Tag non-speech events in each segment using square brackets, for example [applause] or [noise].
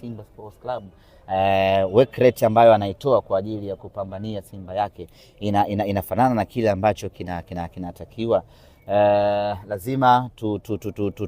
Simba Sports Club uh, work rate ambayo anaitoa kwa ajili ya kupambania Simba yake ina, ina, inafanana na kile ambacho kinatakiwa kina, kina Uh, lazima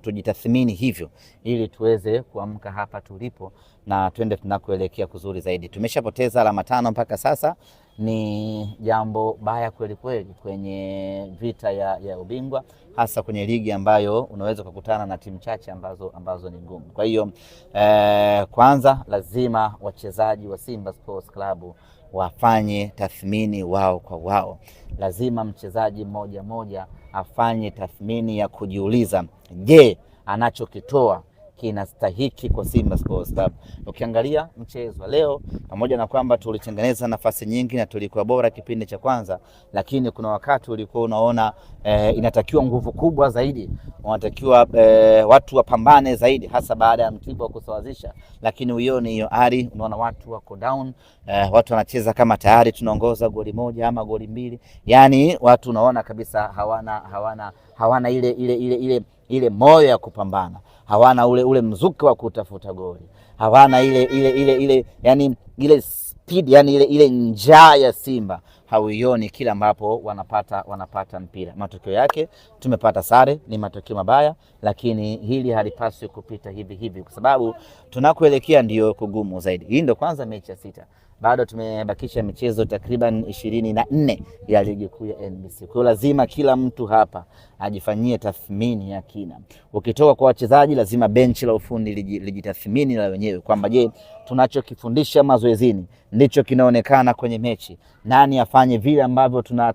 tujitathmini hivyo ili tuweze kuamka hapa tulipo na twende tunakoelekea kuzuri zaidi. Tumeshapoteza alama tano mpaka sasa ni jambo baya kweli kweli kwenye vita ya, ya ubingwa hasa kwenye ligi ambayo unaweza kukutana na timu chache ambazo, ambazo ni ngumu. Kwa hiyo eh, kwanza lazima wachezaji wa Simba Sports Club wafanye tathmini wao kwa wao. Lazima mchezaji mmoja mmoja afanye tathmini ya kujiuliza, je, anachokitoa kinastahiki kwa Simba Sports Club. Ukiangalia mchezo leo, pamoja na kwamba tulitengeneza nafasi nyingi na tulikuwa bora kipindi cha kwanza, lakini kuna wakati ulikuwa unaona eh, inatakiwa nguvu kubwa zaidi, unatakiwa eh, watu wapambane zaidi, hasa baada ya Mtibwa kusawazisha, lakini uione hiyo ari, unaona watu wako down eh, watu wanacheza kama tayari tunaongoza goli moja ama goli mbili, yani watu unaona kabisa hawana hawana hawana ile ile ile ile ile moyo ya kupambana, hawana ule, ule mzuka wa kutafuta goli, hawana ile, ile, ile, ile, yani, ile speed, yani ile, ile njaa ya Simba hauioni kila ambapo wanapata, wanapata mpira. Matokeo yake tumepata sare, ni matokeo mabaya, lakini hili halipaswi kupita hivi hivi, kwa sababu tunakuelekea ndio kugumu zaidi. Hii ndio kwanza mechi ya sita bado tumebakisha michezo takriban ishirini na nne ya ligi kuu ya NBC. Kwa hiyo lazima kila mtu hapa ajifanyie tathmini ya kina. Ukitoka kwa wachezaji, lazima benchi la ufundi lijitathmini la wenyewe kwamba je, tunachokifundisha mazoezini ndicho kinaonekana kwenye mechi? Nani afanye vile ambavyo tuna,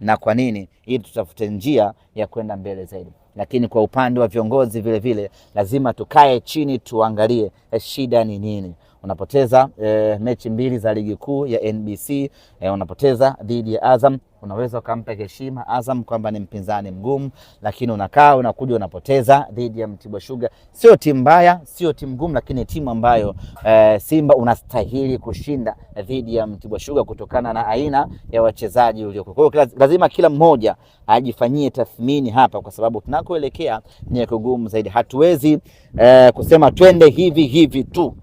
na kwa nini, ili tutafute njia ya kwenda mbele zaidi lakini kwa upande wa viongozi vilevile vile, lazima tukae chini tuangalie shida ni nini unapoteza e, eh, mechi mbili za ligi kuu ya NBC e, eh, unapoteza dhidi ya Azam. Unaweza ukampa heshima Azam kwamba ni mpinzani mgumu, lakini unakaa unakuja unapoteza dhidi ya Mtibwa Sugar. Sio timu mbaya, sio timu ngumu, lakini timu ambayo e, Simba unastahili kushinda dhidi ya Mtibwa Sugar kutokana na aina ya wachezaji ulioko. Kwa hiyo lazima kila mmoja ajifanyie tathmini hapa, kwa sababu tunakoelekea ni kugumu zaidi. Hatuwezi e, kusema twende hivi hivi tu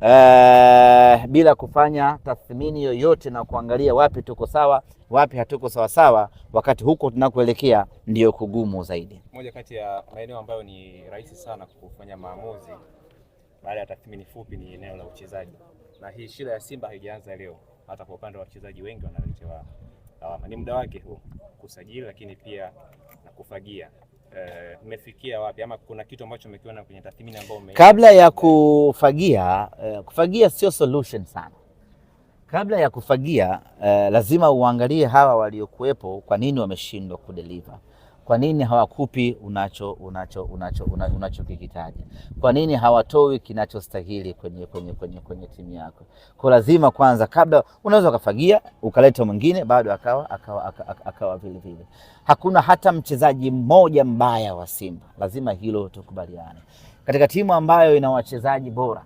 eh, bila kufanya tathmini yoyote na kuangalia wapi tuko sawa, wapi hatuko sawa sawa, wakati huko tunakoelekea ndiyo kugumu zaidi. Moja kati ya maeneo ambayo ni rahisi sana kufanya maamuzi baada ya tathmini fupi ni eneo la uchezaji, na hii shida ya Simba haijaanza leo. Hata kwa upande wa wachezaji wengi wanaletewa lawama, ni muda wake huu kusajili, lakini pia na kufagia eh, wapi ama kuna kitu ambacho umekiona kwenye tathmini ambayo ume... kabla ya kufagia eh, kufagia sio solution sana. Kabla ya kufagia eh, lazima uangalie hawa waliokuwepo, kwa nini wameshindwa kudeliver kwa nini hawakupi unacho unacho unacho unachokihitaji? Kwa nini hawatoi kinachostahili kwenye, kwenye, kwenye, kwenye timu yako? Kwa lazima kwanza, kabla unaweza ukafagia ukaleta mwingine bado akawa akawa akawa, akawa vile vile. Hakuna hata mchezaji mmoja mbaya wa Simba, lazima hilo tukubaliane. Katika timu ambayo ina wachezaji bora,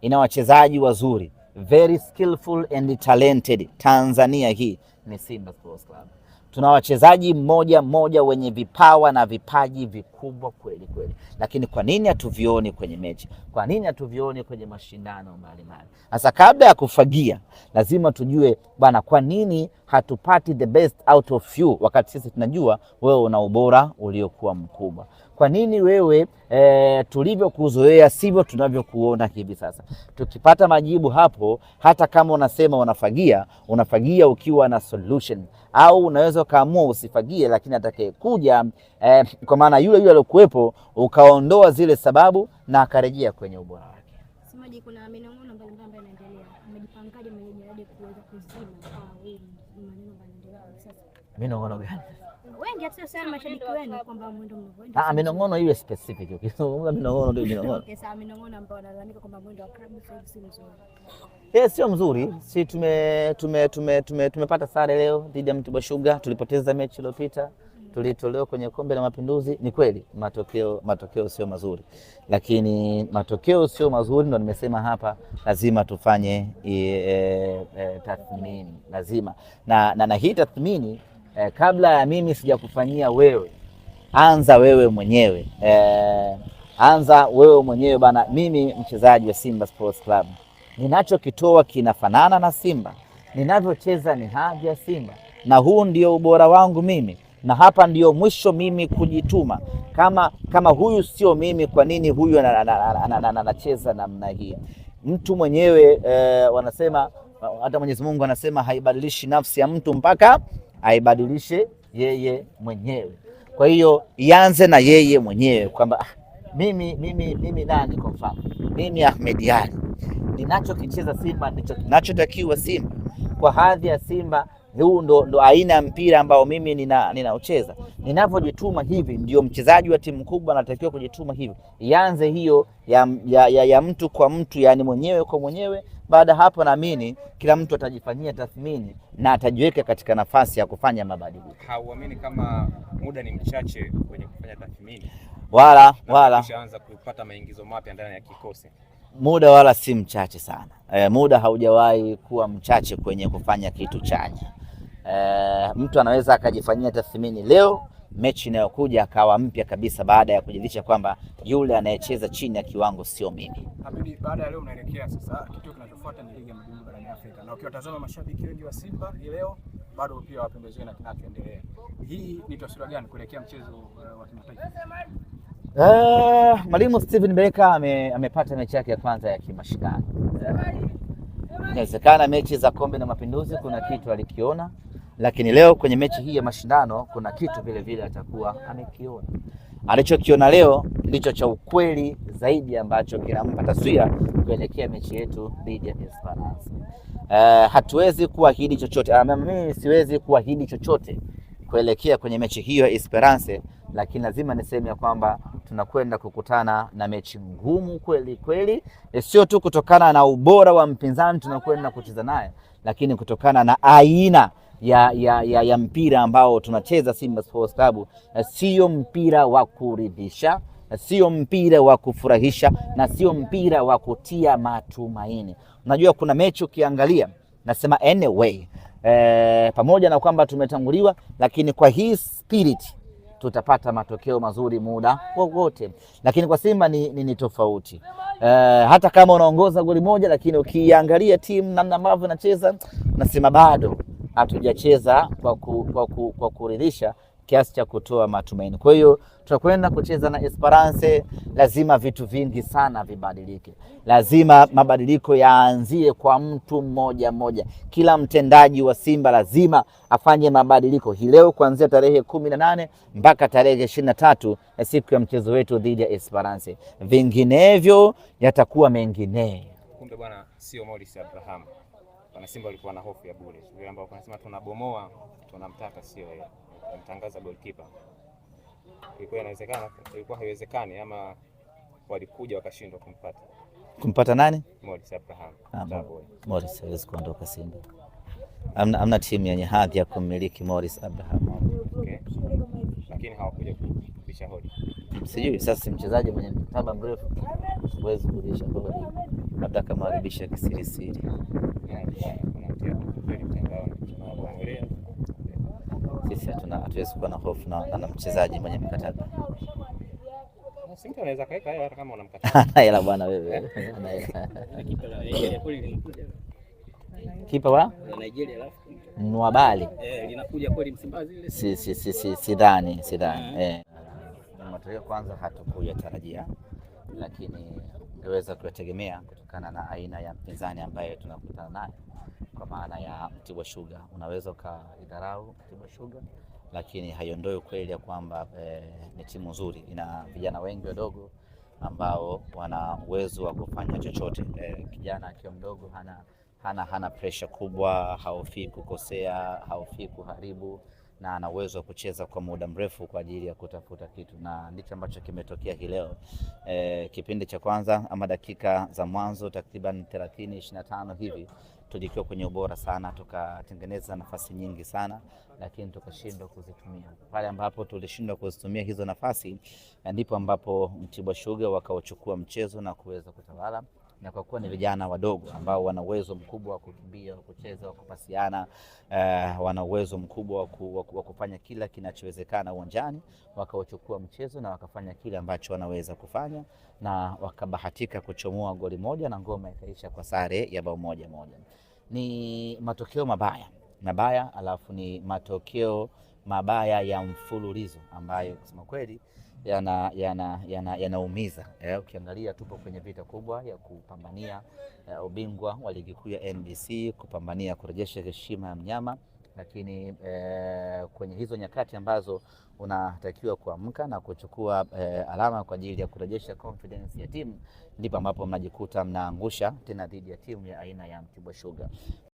ina wachezaji wazuri, very skillful and talented, Tanzania hii ni Simba Sports Club tuna wachezaji mmoja mmoja wenye vipawa na vipaji vikubwa kweli kweli, lakini kwa nini hatuvioni kwenye mechi? Kwa nini hatuvioni kwenye mashindano mbalimbali? Sasa kabla ya kufagia, lazima tujue bwana, kwa nini hatupati the best out of you, wakati sisi tunajua wewe una ubora uliokuwa mkubwa kwa nini wewe e, tulivyokuzoea sivyo tunavyokuona hivi sasa. Tukipata majibu hapo, hata kama unasema unafagia, unafagia ukiwa na solution, au unaweza ukaamua usifagie, lakini atakayekuja e, kwa maana yule yule aliokuwepo ukaondoa zile sababu na akarejea kwenye ubora wake minong'ono gani? Wengi hata sana mashabiki wenu kwamba mwendo mnavyoenda. Ah, ah, minong'ono iwe specific. [laughs] Ukizungumza minong'ono ndio minong'ono. Okay, sawa minong'ono ambao wanalalamika kwamba mwendo wa klabu si mzuri. Eh, sio mzuri. Si tume tume tume tume tumepata sare leo dhidi ya Mtibwa Sugar, tulipoteza mechi iliyopita. Tulitolewa kwenye kombe la mapinduzi. Ni kweli matokeo, matokeo sio mazuri, lakini matokeo sio mazuri, ndo nimesema hapa, lazima tufanye e, e, tathmini lazima na, na, na hii tathmini eh, kabla ya mimi sijakufanyia wewe, anza wewe mwenyewe eh, anza wewe mwenyewe bana. Mimi mchezaji wa Simba Sports Club, ninachokitoa kinafanana na Simba, ninavyocheza ni hadhi ya Simba, na huu ndio ubora wangu mimi, na hapa ndio mwisho mimi kujituma. Kama kama huyu sio mimi, kwa nini huyu anacheza namna hii? Mtu mwenyewe eh, wanasema hata Mwenyezi Mungu anasema haibadilishi nafsi ya mtu mpaka aibadilishe yeye mwenyewe. Kwa hiyo ianze na yeye mwenyewe kwamba ah, mimi mimi mimi nani? Kwa mfano mimi Ahmed Ally, ninachokicheza Simba ndicho kinachotakiwa Simba kwa hadhi ya Simba. Huu ndo, ndo aina ya mpira ambao mimi ninaocheza. Nina ninapojituma hivi, ndio mchezaji wa timu kubwa anatakiwa kujituma hivi. Ianze hiyo ya, ya, ya, ya mtu kwa mtu, yani mwenyewe kwa mwenyewe, baada hapo, naamini kila mtu atajifanyia tathmini na atajiweka katika nafasi ya kufanya mabadiliko. Hauamini kama muda ni mchache kwenye kufanya tathmini wala wala kuanza kupata maingizo mapya ndani ya kikosi? Muda wala si mchache sana. E, muda haujawahi kuwa mchache kwenye kufanya kitu chanya. E, mtu anaweza akajifanyia tathmini leo mechi inayokuja akawa mpya kabisa baada ya kujiridhisha kwamba yule anayecheza chini ya kiwango sio mimi. Habibi, ah, baada ya leo unaelekea sasa, kitu kinachofuata ni ligi ya mabingwa barani Afrika, na ukiwatazama mashabiki wengi wa Simba leo bado pia wapendezwe na kinachoendelea. Hii ni taswira gani kuelekea mchezo uh, wa kimataifa? Uh, mwalimu Steven Beka ame, amepata mechi yake ya kwanza ya kimashindano. Inawezekana mechi za kombe na mapinduzi kuna kitu alikiona lakini leo kwenye mechi hii ya mashindano kuna kitu vile vile atakuwa amekiona. Alichokiona leo ndicho cha ukweli zaidi ambacho kinampa taswira kuelekea mechi yetu dhidi ya Esperance. Uh, hatuwezi kuahidi chochote, ah, mimi siwezi kuahidi chochote kuelekea kwenye mechi hiyo ya Esperance, lakini lazima niseme ya kwamba tunakwenda kukutana na mechi ngumu kweli kweli, eh, sio tu kutokana na ubora wa mpinzani tunakwenda kucheza naye, lakini kutokana na aina ya, ya, ya, ya mpira ambao tunacheza Simba Sports Club, eh, sio mpira wa kuridhisha, eh, sio mpira wa kufurahisha, na sio mpira wa kutia matumaini. Unajua kuna mechi ukiangalia, nasema anyway Eh, pamoja na kwamba tumetanguliwa, lakini kwa hii spirit tutapata matokeo mazuri muda wowote, lakini kwa Simba ni, ni, ni tofauti eh, hata kama unaongoza goli moja, lakini ukiangalia timu namna ambavyo inacheza unasema bado hatujacheza kwa, ku, kwa, ku, kwa kuridhisha kiasi cha kutoa matumaini. Kwa hiyo tutakwenda kucheza na Esperance, lazima vitu vingi sana vibadilike, lazima mabadiliko yaanzie kwa mtu mmoja mmoja. Kila mtendaji wa Simba lazima afanye mabadiliko hii leo, kuanzia tarehe kumi na nane mpaka tarehe ishirini na tatu ya eh, siku ya mchezo wetu dhidi ya Esperance, vinginevyo yatakuwa menginee. Kumbe bwana, sio Morris Abraham. Wanasimba walikuwa na hofu ya bure, yule ambao wanasema tunabomoa tunamtaka, sio yeye, mtangaza goalkeeper. Ilikuwa inawezekana, ilikuwa haiwezekani, ama walikuja wakashindwa kumpata. Kumpata nani? Morris Abraham. Ah, Morris hawezi kuondoka Simba, amna, amna timu yenye hadhi ya kumiliki Morris Abraham. Okay. Lakini hawakuja kupisha hodi, sijui sasa, mchezaji mwenye mkataba mrefu huwezi kubisha hodi, labda kama aribisha kisirisiri sisi hatuwezi kuwa na hofu na mchezaji mwenye mkataba [laughs] hela bwana, wewe [laughs] kipa wa Nwabali eh, sidhani, sidhani mm. eh. matokeo kwanza hatukuyatarajia, lakini tungeweza kuyategemea kutokana na aina ya mpinzani ambaye tunakutana naye, kwa maana ya Mtibwa Sugar. Unaweza ukaidharau Mtibwa Sugar, lakini haiondoi ukweli ya kwamba e, ni timu nzuri, ina vijana wengi wadogo ambao wana uwezo wa kufanya chochote. E, kijana akiwa mdogo hana, hana, hana presha kubwa, haofii kukosea, haofii kuharibu na ana uwezo wa kucheza kwa muda mrefu kwa ajili ya kutafuta kitu, na ndicho ambacho kimetokea hii leo. E, kipindi cha kwanza ama dakika za mwanzo takriban 30 25 hivi tulikiwa kwenye ubora sana, tukatengeneza nafasi nyingi sana, lakini tukashindwa kuzitumia. Pale ambapo tulishindwa kuzitumia hizo nafasi, ndipo ambapo Mtibwa Sugar wakauchukua mchezo na kuweza kutawala na kwa kuwa ni vijana wadogo ambao wana uwezo mkubwa wa kukimbia, wa kucheza, wa kupasiana uh, wana uwezo mkubwa wa kufanya kila kinachowezekana uwanjani, wakaochukua mchezo na wakafanya kile ambacho wanaweza kufanya na wakabahatika kuchomoa goli moja na ngoma ikaisha kwa sare ya bao moja moja. Ni matokeo mabaya mabaya, alafu ni matokeo mabaya ya mfululizo ambayo kusema kweli yanaumiza yana, yana, yana. Eh, ukiangalia tupo kwenye vita kubwa ya kupambania eh, ubingwa wa ligi kuu ya NBC, kupambania kurejesha heshima ya mnyama lakini eh, kwenye hizo nyakati ambazo unatakiwa kuamka na kuchukua eh, alama kwa ajili ya kurejesha confidence ya timu ndipo ambapo mnajikuta mnaangusha tena dhidi ya timu ya aina ya Mtibwa Sugar.